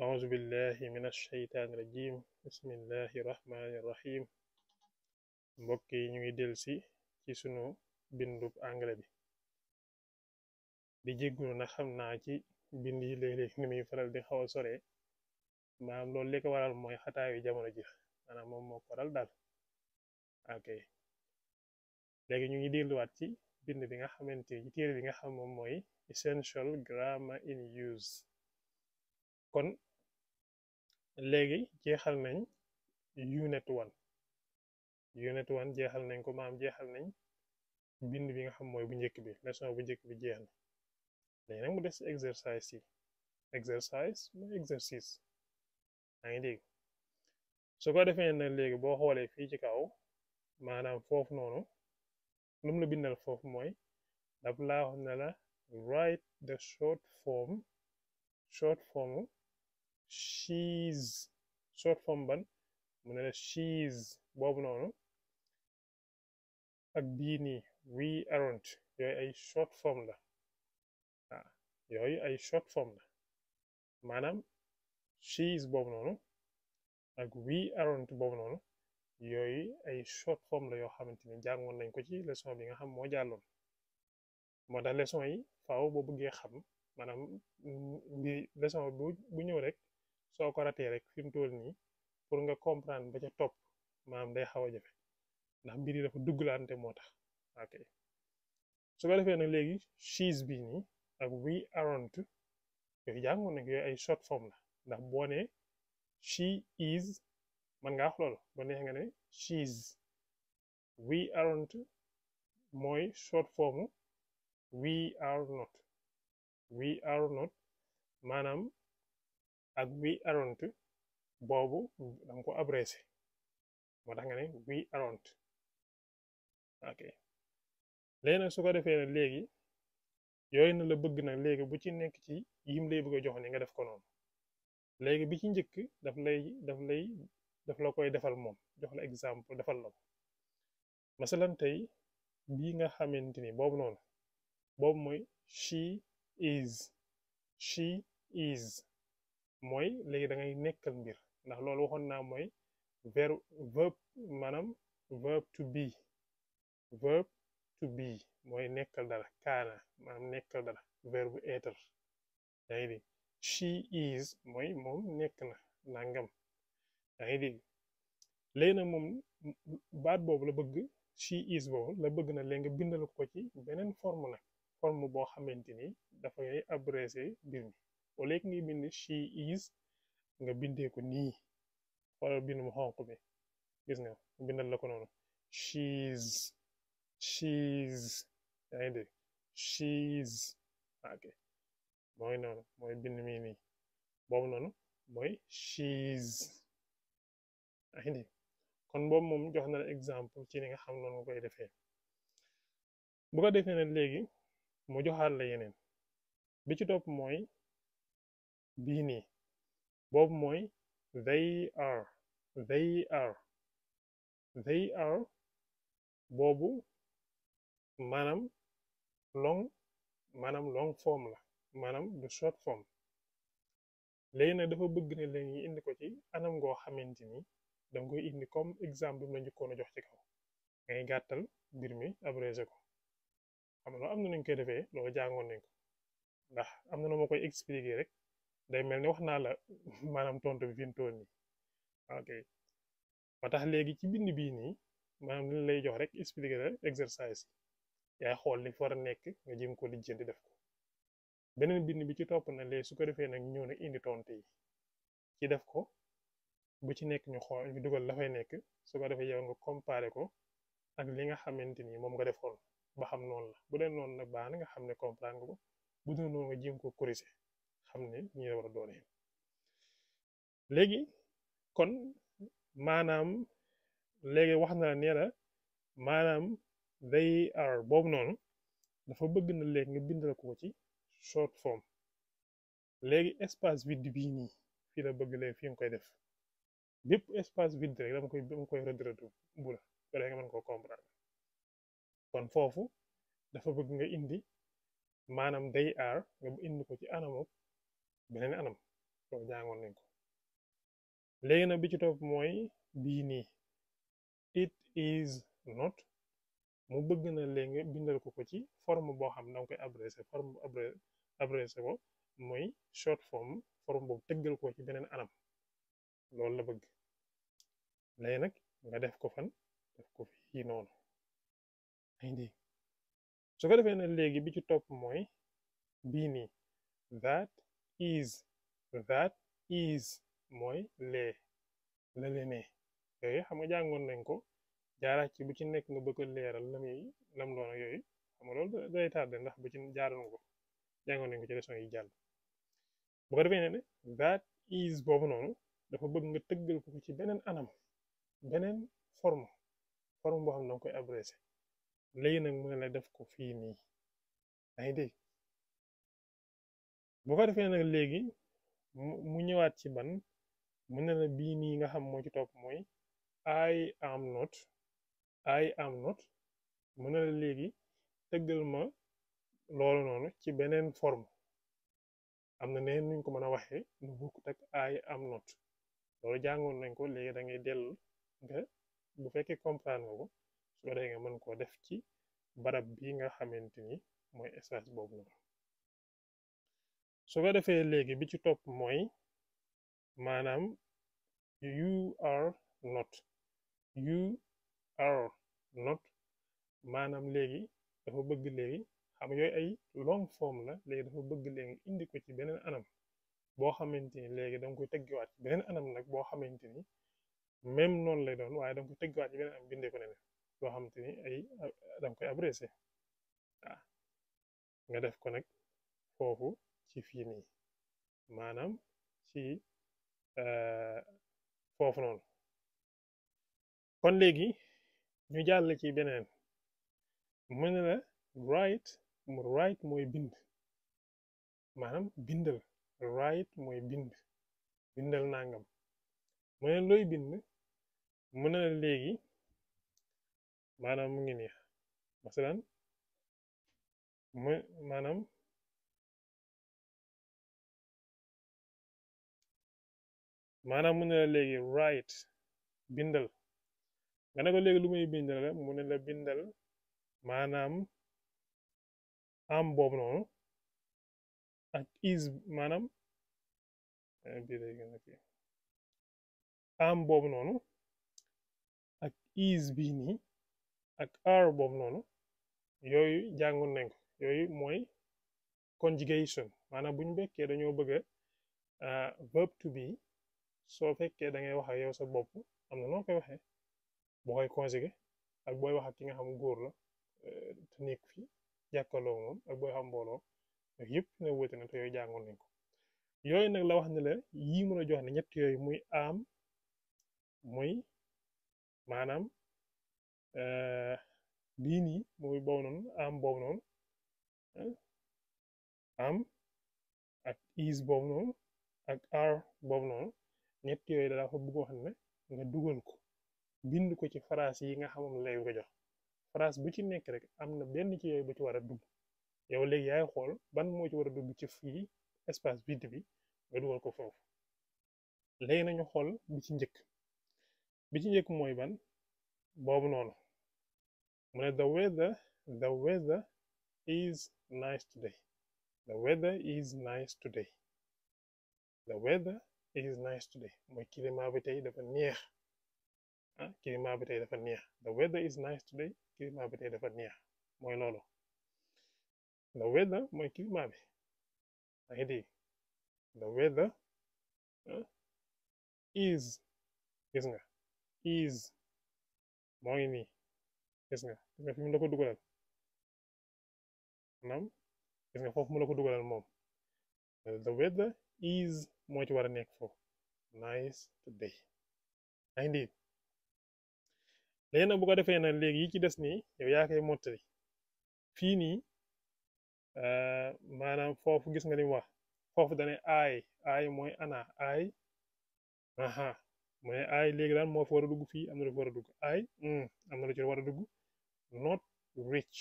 أعوذ بالله من الشيطان الرجيم بسم الله الرحمن الرحيم mbokk yi ñu ngi dellusi ci sunu bindub anglais bi di jéggulu na xam naa ci bind yi léeg faral di xaw a sore maanaam lool li ko waral mooy xataayu jamono ji maanaam moom moo ko daal ok ñu ngi delluwaat ci bind bi nga xamante ci téere bi nga xam moom mooy essential grammar in use kon léegi jeexal nañ unit 1 unit 1 jeexal nañ ko maam jeexal nañ bind bi nga xam mooy bu njëkk bi leçon bu njëkk bi jeex na léegi nag mu des exercice yi exercice mooy exercice yaa ngi dégg su ko defee na léegi boo xoolee fii ci kaw maanaam foofu noonu lu la bindal foofu mooy daf laa wax ne la write the short form short form she's short form ban mu ne la she's boobu noonu ak bii nii we aren't ay short form la waaw yooyu ay short form la maanaam she's boobu noonu ak we aren't boobu noonu yooyu ay short form la yoo xamante ni jàngoon nañ ko ci leçon bi nga xam moo jàlloon moo tax leçon yi faaw boo bëggee xam maanaam mm, bi leçon bu bu ñëw rek soo ko ratee rek fi mu nii pour nga comprendre ba ca top maam day xaw a jafe ndax mbir yi dafa dugglante moo tax ok su ko defee nag léegi she's bi nii ak we aren't yooyu jàngoon nañ yooyu ay short form la ndax boo nee she is man ngaa wax loolu ba neexee nga ne she's we aren't mooy short form we ak we aront boobu danga ko abrégé moo tax nga ne we aren't ok léegi nag su ko defee na léegi yooyu na la bëgg na léegi bu ci nekk ci yim lay bëgg a jox ni nga def ko noonu léegi bi ci njëkk daf lay daf lay daf la koy defal moom jox la exemple defal la ko masalan tey bii nga xamante ni boobu noonu boobu mooy she is she is mooy léegi da ngay nekkal mbir ndax loolu waxoon naa mooy verbe verb maanaam verb to verb to be mooy nekkal dara kaana maanaam nekkal dara verbe être yaa ngi mooy moom nekk na nangam yaa ngi nag moom baat boobu la bëgg she is boobu la bëgg na léegi nga ko ci beneen forme nag forme boo xamante ni dafay abrégé mbir mi au lieu ngay bind she is nga bindee ko nii xoolal bind mu xonq bi gis nga bindal la ko noonu she's she's yaa ngi dégg she's ok mooy noonu mooy bind mi nii boobu noonu mooy she's yaa ngi kon boobu moom jox na la exemple ci ni nga xam noonu koy defee bu ko defee nag léegi mu joxaat la yeneen bi ci topp mooy bii nii boobu mooy they are they are they are boobu maanaam long maanaam long form la maanaam du short form léegi nag dafa bëgg ne léegi indi ko ci anam ngoo xamante ni danga koy indi comme exemple bi la njëkkoon a jox ci kaw ngay mbir mi abrégé ko xam nga am na nañ koy defee loolu jàngoon ko ndax am na noo ma koy expliquer rek day mel ni wax naa la maanaam tontu bi fi mu toll ok ma tax léegi ci bind bii nii maanaam li lay jox rek expliqué la exercice yaay xool li fa war a nekk nga jéem ko lijjanti def ko beneen bind bi ci topp na léegi su ko defee nag ñëw na indi tontu ci def ko bu ci nekk ñu xool ñu dugal la fay nekk su ko defee yow nga comparé ko ak li nga xamante ni moom nga def defoon ba xam noonu la bu dee noon nag baax na nga xam ne comprendre nga ko bu dul noonu nga jéem ko corriger. xam ne ñi la war a doone léegi kon maanaam léegi wax na la na maanaam they are boobu noonu dafa bëgg na léegi nga bindal ko ci short form léegi espace vide bii fii la bëgg léegi fii nga koy def bépp espace vide rek dama koy dama koy rëdd bu la nga mën koo comprendre kon foofu dafa bëgg nga indi maanaam they are nga indi ko ci anamok beneen anam loolu jàngoon nañ ko léegi nag bi ci topp mooy bii nii it is not mu bëgg na léegi bindal ko ko ci forme bo xam danga koy adressé forme adressé ko muy short form forme boobu tëggal ko ci beneen anam loolu la bëgg léegi nag nga def ko fan def ko fii noonu indi su ko defee na léegi bi ci topp mooy that is that is mooy lee la lenee xam nga jàngoon nañ ko jaaraat ci bu ci nekk nga bëgg a leeral nami yi lam doon yooyu xam nga loolu day tardé ndax bu ci jaaroon ko jàngoon nañ ko ci leçon yi jàll bu defee ne ne that is boobu noonu dafa bëgg nga tëggal ko ci beneen anam beneen forme forme boo xam ne koy abrégé léegi nag mu ne la def ko fii nii yaa boo ko defee nag léegi mu ñëwaat ci ban mu ne la bii nii nga xam moo ci topp mooy I am not I am not mu ne la léegi tëggal ma loolu noonu ci beneen forme am na neen nuñ ko mën a waxee lu bokkut ak I am not loolu jàngoon nañ ko léegi da ngay dell nga bu fekkee comprendre ko su ko nga mën koo def ci barab bi nga xamante ni mooy espace boobu noonu su ko defee léegi bi ci topp mooy maanaam you are not you maanaam léegi dafa bëgg léegi xam yooyu ay long form la léegi dafa bëgg léegi indi ko ci beneen anam boo xamante ni léegi da koy teggiwaat ci beneen anam nag boo xamante ni même noonu lay doon waaye da nga koy teggiwaat ci beneen anam bindee ko ne boo xamante ni ay da koy abrégé nga def ko nag foofu ci fii nii maanaam ci euh, foofu kon léegi ñu jàll ci beneen mu na la write mu write mooy bind maanaam bindal write mooy bind bindal nangam mu ne looy bind mu ne la léegi maanaam mu ngi nii masalan mu maanaam maanaam mu ne la léegi write bindal nga ne ko léegi lu muy bindal mu ne la bindal maanaam am boobu noonu ak is maanaam am boobu noonu ak is bi nii ak are boobu noonu yooyu jàngoon nañ yoyu yooyu mooy conjugation maanaam bu ñu bekkee dañoo bëgg ah, verb to soo fekkee da ngay wax ak yow sa bopp am na noo koy waxee boo koy conjugué ak booy wax ki nga xam góor la eh, te nekk fi jàkkaarloo moom ak booy xam mbooloo ak yëpp ne wóote na te yooyu jàngoon nañ ko yooyu nag la wax ne la yii mën a jox ne ñett yooyu muy am muy maanaam bii eh, nii muy boobu am boobu eh, ak is boobu noonu ak ar boobu noonu ñett yooyu dafa bëgg xam ne nga dugal ko bind ko ci phrase yi nga xam ne lay ko jox phrase bu ci nekk rek am na benn ci yooyu bu ci war a dugg yow léegi yaay xool ban moo ci war a dugg ci fi espace vide bi nga dugal ko foofu léegi nañu xool bu ci njëkk bi ci njëkk mooy ban boobu noonu mu ne the weather the weather is nice today the weather is nice today it is nice today mooy climat bi tey dafa neex ah climat tey dafa neex the weather is nice today climat bi tey dafa neex mooy loolu the weather mooy climat bi maa the weather ah, is gis nga is moo ngi nii gis nga gis nga fi mu la ko dugalal maanaam gis nga the weather ease moo ci war a nekk foofu nice today yaa ngi dégg léegi nag bu ko defee nag léegi yi ci des nii yow yaa koy mottali fii nii euh, maanaam foofu gis nga li mu wax foofu dane aay aay mooy ana aay mooy aay léegi daal moo fi war a dugg fii am na lu fi war a dugg aay hmm, am na lu ci war a dugg not rich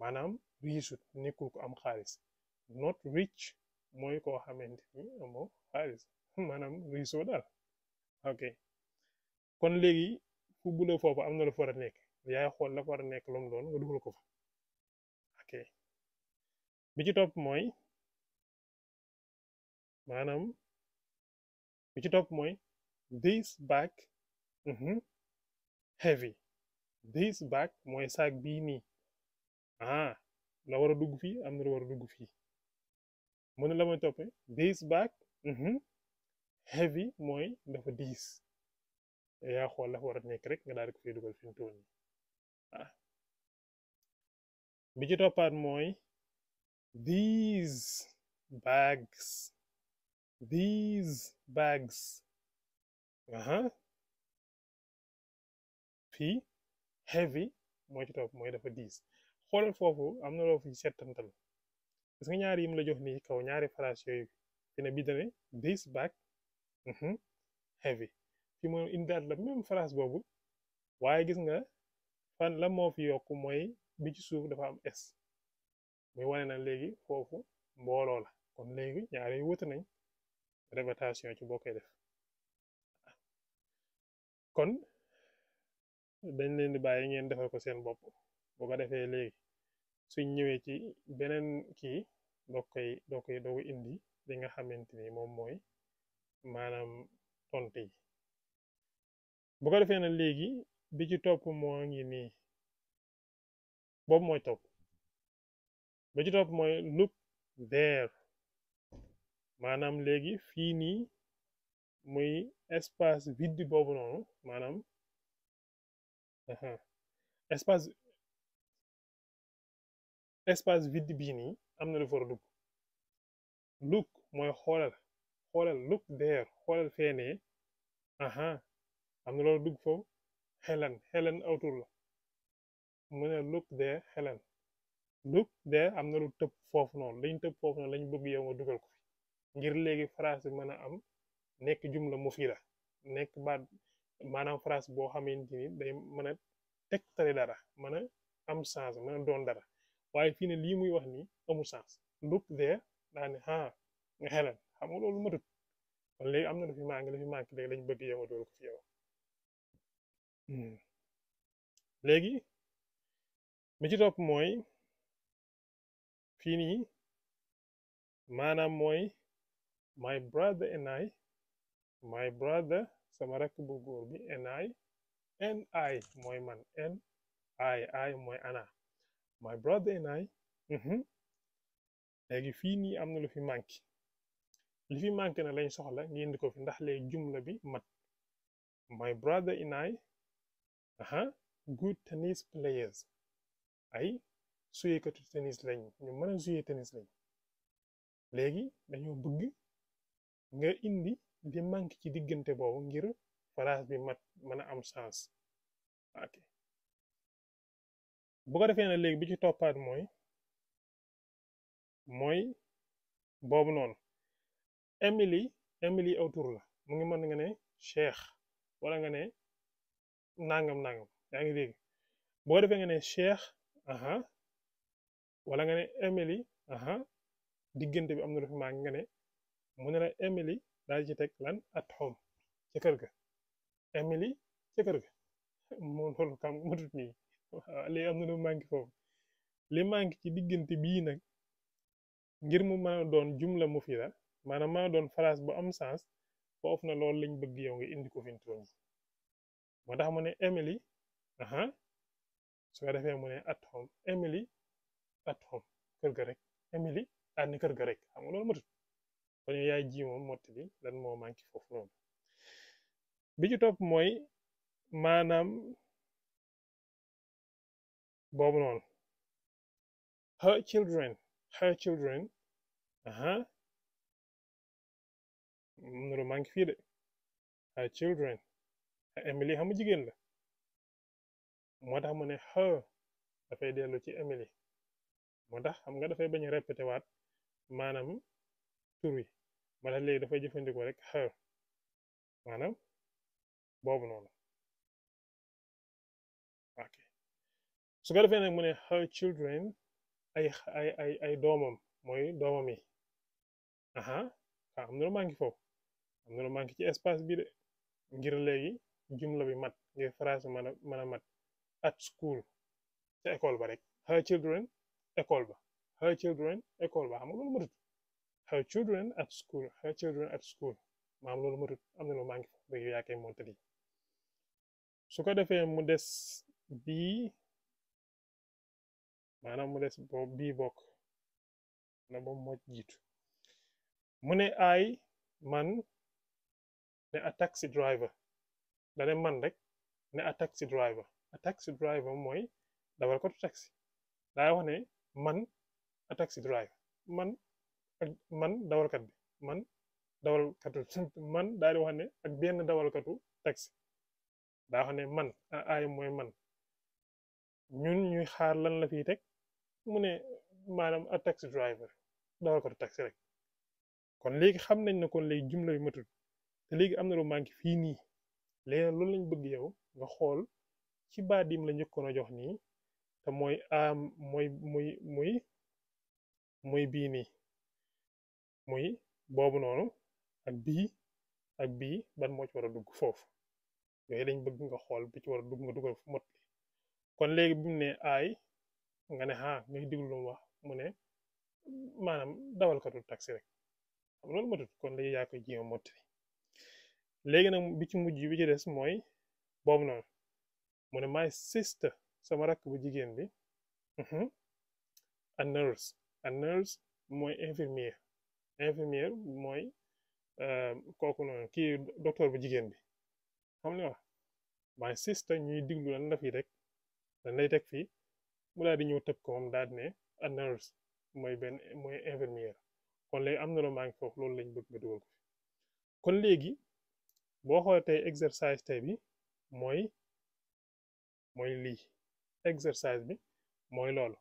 maanaam riisut nekkul ko am xaalis not rich mooy koo xamante ni amoo xaalis maanaam riisoo daal ok kon léegi fu bu la foofu am na lu fa a nekk yaay xool la fa war a nekk loom doon nga dugal ko fa ok bi ci topp mooy maanaam bi ci topp mooy this bag mhm, heavy this bag mooy saag bii nii a ah, la war a dugg fii am na lu war a dugg fii mu ne la mooy toppee this bag mhm. heavy mooy dafa diis yaa xool dafa war nekk rek nga daar di ko fiy dugal fi mu toll nii ah. bi ci toppaat mooy these bags these bags aha fii heavy mooy ci topp mooy dafa diis xoolal foofu am na loo fi settantal gis nga ñaari la jox nii kaw ñaari phrase yooyu dina bi dane this bag mhm, heavy fi mu indaat la même phrase boobu waaye gis nga fan la moo fi yokk mooy bi ci suuf dafa am s moy wane na léegi foofu mbooloo la kon léegi ñaari wute nañ révétation ci boo koy def kon dañ leen di bàyyi ngeen defal ko seen bopp boo ko defee léegi suñ ñëwee ci beneen kii doo koy doo koy doo indi li nga xamante ni moom mooy maanaam tont yi bu ko defee nag léegi bi ci topp moo ngi nii boobu mooy topp ba ci topp mooy look there maanaam léegi fii nii muy espace vide boobu noonu maanaam espace espace vide bii nii am na lu fa war a dugg look mooy xoolal xoolal look there xoolal feenee aha am na loolu dugg foofu Helen Helen autour la mu ne look there Helen look am na lu tëb foofu noonu lañ tëb foofu noonu lañ bëgg yow nga dugal ko fi ngir léegi phrase bi mën a am nekk jumla mu fii la nekk baat maanaam phrase boo xamante ni day mën a tegtali dara mën a am sens mën doon dara waaye fii ne lii muy wax nii amul sens look there daa ne nga xelal am na lu fi manqué lu fi manqué léegi lañ bëgg mi hmm. ci topp mooy fii nii maanaam mooy my brother and I my brother sama rakk bu góor and I and I mooy man and I I mooy ana my brother and I mhm, léegi fii nii am na lu fi manqué li fi manqué na lañ soxla ngeen indi ko fi ndax léegi jumla bi mat my brother and I aha good tennis players ay suyeekatu tennis lañ ñu mën a suyee tennis lañ léegi dañoo bëgg nga indi di manqué ci diggante boobu ngir phrase bi mat mën a am sens ok bu ko defee nag léegi bi ci toppaat mooy mooy boobu noonu Émilie Émilie aw tur la mu ngi mën nga ne Cheikh wala nga ne nangam nangam yaa ngi dégg bu ko defee nga Cheikh aha wala nga ne Émilie aha diggante bi am na lu fi maa ngi nga ne mu ne la Émilie daal ci teg lan at home ca kër ga Émilie ca kër ga kam mutut nii waaw léegi am na lu manqué foofu li manqué ci diggante bii nag ngir mu mën doon jumla mu maanaam mën a doon phrase bu am sens foofu na loolu lañ bëgg yow nga indi ko fi mu moo tax mu ne Emily aha su ko defee ne at home Emily at home kër ga rek Emily ànd kër ga rek xam nga lool matut kon yow yaay ji moom mottali lan moo manqué foofu noonu bi ci topp mooy maanaam. boobu noonu her children her children aha nuru maa ngi fii de her children Emily xamu jigéen la moo tax mu ne her dafay dellu ci Emily moo tax xam nga dafay bañ a répété waat maanaam tur wi moo tax léegi dafay jëfandikoo rek her maanaam boobu noonu su ko defee nag mu ne children ay doomam mooy doomam yi aha waaw am na lu manqué ci espace bi de bi mat ngir phrase bi mën a mën a mat ba rek her children école ba her children xam nga loolu mu des bii maanaam mu des bo bii bokk na moom moo jiitu mu ay man ne a taxi driver dane man rek ne a taxi driver a taxi driver mooy dawalkatu taxi daa wax ne man a taxi driver man ak man dawalkat bi man dawalkatu man daa di wax ne ak benn dawalkatu taxi daa ne man a ay mooy man ñun ñuy xaar lan la fiy teg mu ne maanaam a taxi driver dawalkatu taxi rek kon léegi xam nañ ne kon léegi jumla yu matul te léegi am na lu manqué fii nii léegi loolu lañ bëgg yow nga xool ci baadim la njëkkoon a jox nii te mooy am mooy muy muy muy bii nii muy boobu noonu ak bi ak bii ban moo ci war a dugg foofu yooyu lañ bëgg nga xool bi ci war a dugg nga dugal fu mot kon léegi bi mu nga ne ah ngay diglu lu mu wax mu ne maanaam dawalkatu taxi rek xam loolu matut kon léegi yaa koy ji a mottali léegi nag bi ci mujj bi ci des mooy boobu noonu mu ne my sister sama rakk bu jigéen bi mm-hmm, a nurse a nurse mooy infirmière infirmière mooy euh, kooku noonu ki docteur bu jigéen bi xam nga wax my sister ñuy diglu lan fi rek lan lay teg fii mu daal di ñëw tëb ko moom daat di ne a mooy benn mooy infirmière kon léegi am na lu manqué foofu loolu lañ bëgg nga dugal ko kon léegi boo xoolee tey exercice tey bi mooy mooy lii exercice bi mooy loolu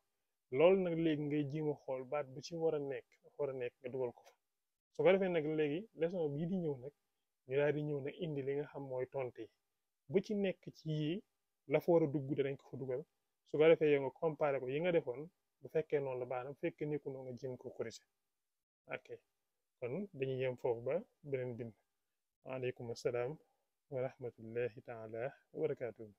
loolu nag léegi ngay jéem xool baat bu ci war a nekk war a nekk dugal ko fa su ko defee nag léegi leçon bii di ñëw nag ñu daal di ñëw na indi li nga xam mooy tontu bu ci nekk ci yii la fa a dugg danañ ko fa dugal su ko defee yow nga ko yi nga defoon bu fekkee noonu la baax bu fekkee nekku noonu nga jéem ko corrigé ok kon dañuy yem foofu ba beneen bind waaleykum assalaam wa rahmatullahi taala wa barakaatuhu